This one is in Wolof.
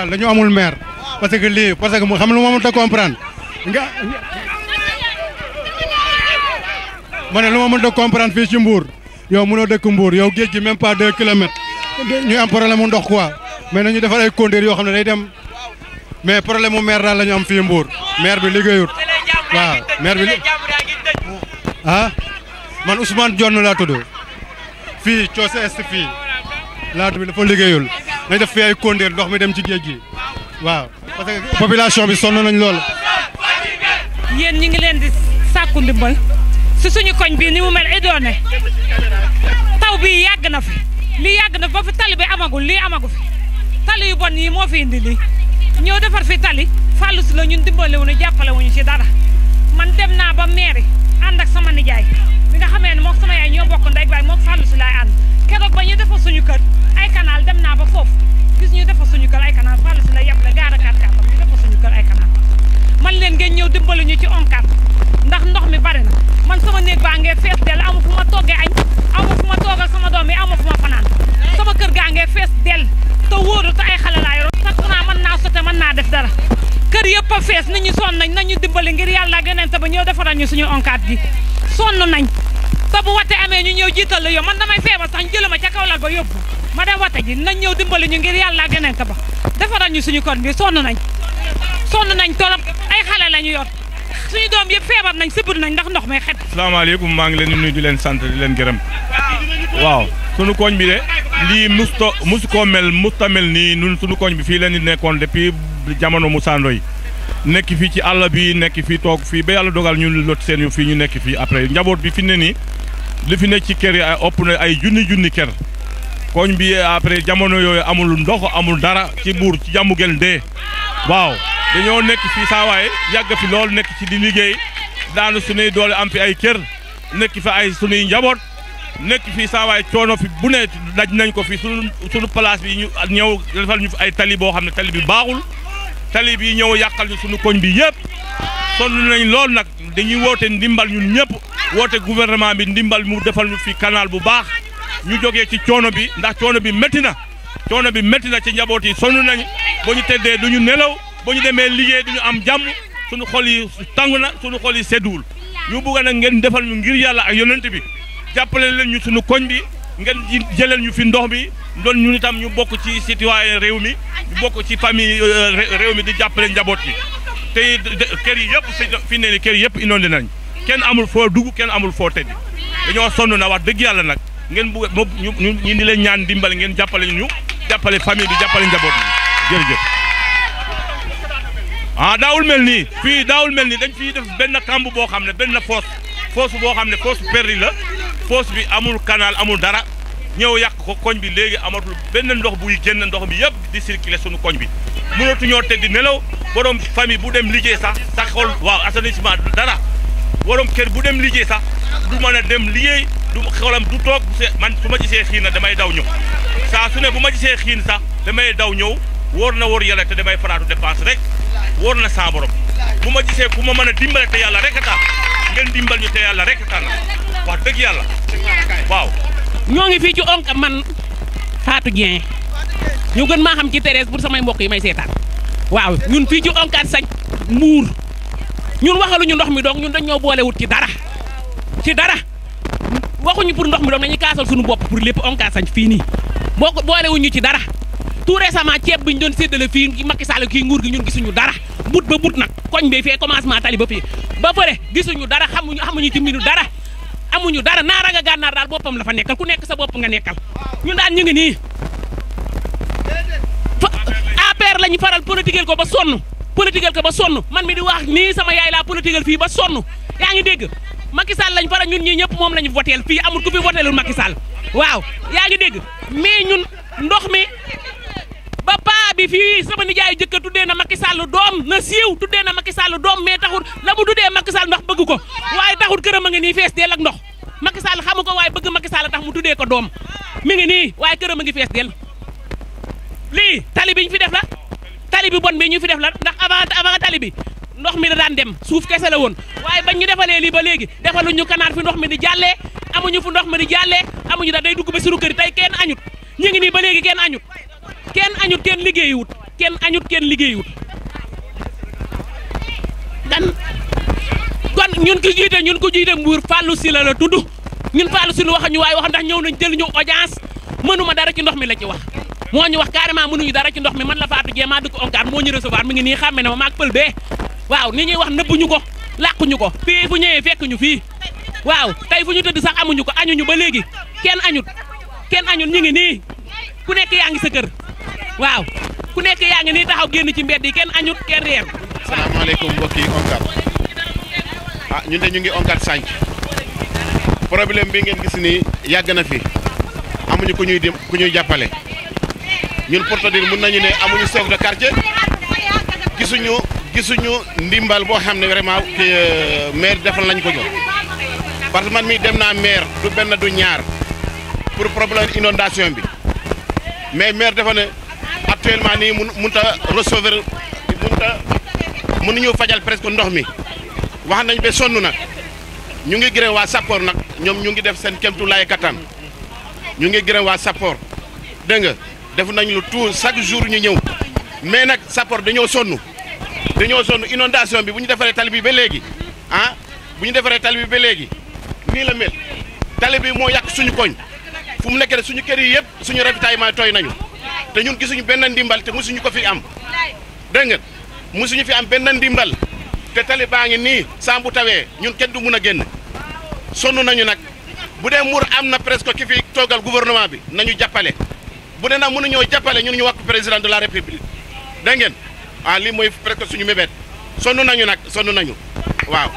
daal dañu amul maire parce que lii parce que xam lu ma mënut a comprendre nga ma ne lu ma mënut a comprendre fii ci Mbour yow mënoo dëkk Mbour yow géej gi même pas deux kilomètres ñuy am problème mu ndox quoi mais nañu defar ay conduire yoo xam ne day dem mais problème mu maire daal la ñu am fii Mbour maire bi liggéeyut waaw maire bi ah man Ousmane Dione laa tudd fii coose est fii laa tudd dafa liggéeyul nañ def fi ay kóndéer ndox mi dem ci géej gi waaw parce bi sonn nañ lool. yéen ñu ngi leen di sàkku ndimbal si suñu koñ bi ni mu mel idoone taw bi yàgg na fi lii yàgg na fi ba fi tali bi amagul lii amagu fi tali yu bon yi moo fi indi lii ñëw defar fi tali fàllu si la ñun dimbale wu jàppalewuñu ci dara man dem naa ba mairie ànd ak sama nijaay bi nga xamee ne moom sama yaay ñoo bokk ndey baay moom fàllu si laay ànd keroog ba ñu defar suñu kër. ay canal dem naa ba foofu gis ñu defa suñu kër ay canal Fallou na yeb la gaara kaat kaatam ñu defa suñu kër ay canal man leen ngeen ñëw dimbali ñu ci ONCAV ndax ndox mi bari na man sama néeg baa ngee fees dell amu fu ma toggee añ amu fu ma toogal sama doom yi amu fu ma fanaan sama kër gaa ngee fees dell te wóoru ay xale laa yoroon naa mën naa sote mën naa def dara kër yëpp a fees nañu sonn nañ nañu dimbali ngir yàlla gënante ba ñëw defaral ñu suñu ONCAV gi sonn nañ te bu wate amee ñu ñëw jiital la yow man damay feebar sax ñu ma ca kaw lal ba yóbbu ma dem wate ji nañ ñëw dimbali ñu ngir yàlla ak yeneen ba defaral ñu suñu kon bi sonn nañ sonn nañ torop ay xale lañu yor suñu doom yëpp feebar nañ sëbër nañ ndax ndox may xet. asalaamaaleykum maa ngi leen di nuyu di leen sant di leen gërëm waaw sunu koñ bi de lii musta musu koo mel musta mel nii ñun sunu koñ bi fii leen di nekkoon depuis jamono Moussa yi nekk fii ci àll bi nekk fii toog fii ba yàlla dogal ñu lot seen yu fii ñu nekk fii après njaboot bi fi ne nii li fi ne ci kër yi ay ëpp na ay junni junni kër koñ bi après jamono yooyu amul ndox amul dara ci buur ci jàmmu gel dee waaw dañoo nekk fii saawaay yàgg fi lool nekk ci di liggéey daanu sunuy doole am fi ay kër nekk fi ay sunuy njaboot nekk fii saawaay coono fi bu ne daj nañ ko fi sunu sunu place bi ñu ñëw defal ñu fi ay tali boo xam ne tali bi baaxul tali bi ñëw yàqal ñu sunu koñ bi yëpp sonn nañ lool nag dañuy woote ndimbal ñu ñëpp woote gouvernement bi ndimbal mu defal ñu fi canal bu baax ñu jógee ci coono bi ndax coono bi métti na coono bi métti na ci njaboot yi sonn nañ ba ñu teddee duñu nelaw boo ñu demee liggéey du am jàmm sunu xol yi tàng na sunu xol yi sedduwul ñu bëgg nag ngeen defal ñu ngir yàlla ak yonent bi jàppale leen ñu sunu koñ bi ngeen jëleel ñu fi ndox bi doon ñun itam ñu bokk ci citoyen réew mi ñu bokk ci famille euh, réew mi di jàppale njaboot bi te kër yi yëpp fi ne kër yi yëpp inondé nañ kenn amul foo dugg kenn amul foo tëdd dañoo sonn na wax dëgg yàlla nag ngeen bugg ñu ñu di leen ñaan dimbale ngeen jàppale ñu jàppale famille bi jàppale njaboot bi jërëjëf ah daawul mel nii fii daawul mel nii dañ fii def benn kamb boo xam ne benn foos foos boo xam ne foos perri la foos bi amul kanaal amul dara ñëw yàq ko koñ bi léegi amatul benn ndox buy génn ndox mi yëpp di circuler suñu koñ bi mënatuñoo tëdd nelaw borom famille bu dem liggéey sax sa xol waaw assainissement dara borom kër bu dem liggéey sax du mën a dem liggéey du xolam du toog man su ma gisee xiin na damay daw ñëw saa su ne bu ma gisee xiin sax damay daw ñëw wóor na wóor yàlla te damay faraatu dépense rek wóor na saa borom bu ma gisee ku ma mën a dimbale te yàlla rek a tax ngeen dimbal ñu yàlla rek a dëgg yàlla ñoo ngi fii ci onk man Fatou gien ñu gën ma xam ci Thérèse pour sama mbokk yi may sétane waaw ñun fi ci onkat sañ mur ñun ñu ndox mi donc ñun dañ ñoo wut ci dara ci dara waxu ñu pour ndox mi donc dañuy kaasal suñu bop pour lepp onkaat sañ fii nii boo ko boolewuñu ci dara tout récemment ceeb bi doon sédélé fi ki Macky Sall ki nguur gi ñun gisunu dara but ba but nak koñ bee fee commencement tali ba fii ba pare gisunu dara xamuñu xamuñu ci minu dara amuñu dara ra nga gànnaar dal bopam la fa nekkal ku nekk sa bop nga nekkal ñun daal ñu ngi ni APR faral politiquel ko ba sonu politiquel ko ba sonu man mi di wax ni sama yaay la politiquel fi ba sonu yaa ngi deg Macky Sall lañu faral ñun ñi ñepp mom lañu votel fi amul ku fi votelul Macky Sall waaw yaa ngi deg mais ñun ndox mi ba pa bi fi sama nijaay jëkkër tuddé na Macky Sall doom na siiw tuddé na Macky Sall doom mais taxul lamu tuddé Macky Sall ndax bëgg ko waye taxul kërëm nga ni fess ndox Macky Sall xamuko way bëgg Macky Sall tax mu tuddé ko dom mi ngi ni way kërëm mi ngi fess del li tali ñu fi def la tali bi bon bi ñu fi def la ndax avant avant tali bi ndox mi da daan dem suuf kessé la won waaye bañ ñu défalé li ba défalu ñu kanaar fi ndox mi di jallé amuñu fu ndox mi di jallé amuñu da day dugg ba suru kër tay kèn añut ñi ngi ni ba légui kèn añut kèn añut kèn kèn añut kèn ñun ki jité ñun ko jité mbur fallu si la la tuddu ñun fallu si lu wax ñu way wax ndax ñew nañ jël ñu audience mënuma dara ci ndox mi la ci wax mo ñu wax carrément mënu ñu dara ci ndox mi man la faatu jee maa dëkk onkar mo ñu recevoir mi ngi ni xamé na ma maag pël bee waaw ni ñi wax nëbbuñu ko làquñu ko fi bu ñëwee fekk ñu fi waaw tay fu ñu tëdd sax amu amuñu ko ñu ba légui kenn añut kenn añut ñi ngi ni ku nekk yaangi sa kër waaw ku nekk yaangi ni taxaw genn ci mbéddi yi kenn añut kenn reer salaamaaleykum mbokk yi onkar ah ñun de ñu ngi onkat sànc problème bi ngeen gis ni yàgg na fi amuñu ku ñuy dem ku ñuy jàppale ñun pour te dire mun nañu ne amuñu chef de quartier gisuñu gisuñu ndimbal boo xam ne vraiment euh, maire defal lañ ko jox parce que man mii dem naa maire du benn du ñaar pour problème inondation bi mais maire dafa ne actuellement nii mun mënut a recevoir mënut a mënuñu fajal presque ndox mi wax nañ be sonn nag ñu ngi gërëm waa sappoor nag ñoom ñu ngi def seen kéemtu laay kattan ñu ngi gërëm waa sappoor dégg nga def nañ lu tout chaque jour ñu ñëw mais nag sappoor dañoo sonn dañoo sonn inondation bi bu ñu defaree tali bi ba léegi ah bu ñu defaree tali bi ba léegi nii la mel tali bi moo yàq suñu koñ fu mu nekk suñu kër yi yëpp suñu ravitaillement tooy nañu te ñun suñu benn ndimbal te suñu ko fi am dégg nga musuñu fi am benn ndimbal. te tali baa ngi nii saam bu tawee ñun kenn du mun a génn sonn nañu nag bu dee mur am na presque ki fi toogal gouvernement bi nañu jàppale bu dee nag mënuñoo jàppale ñun ñu wax président de la république dégg ngeen ah lii mooy presque suñu mébét sonn nañu nag sonn nañu waaw.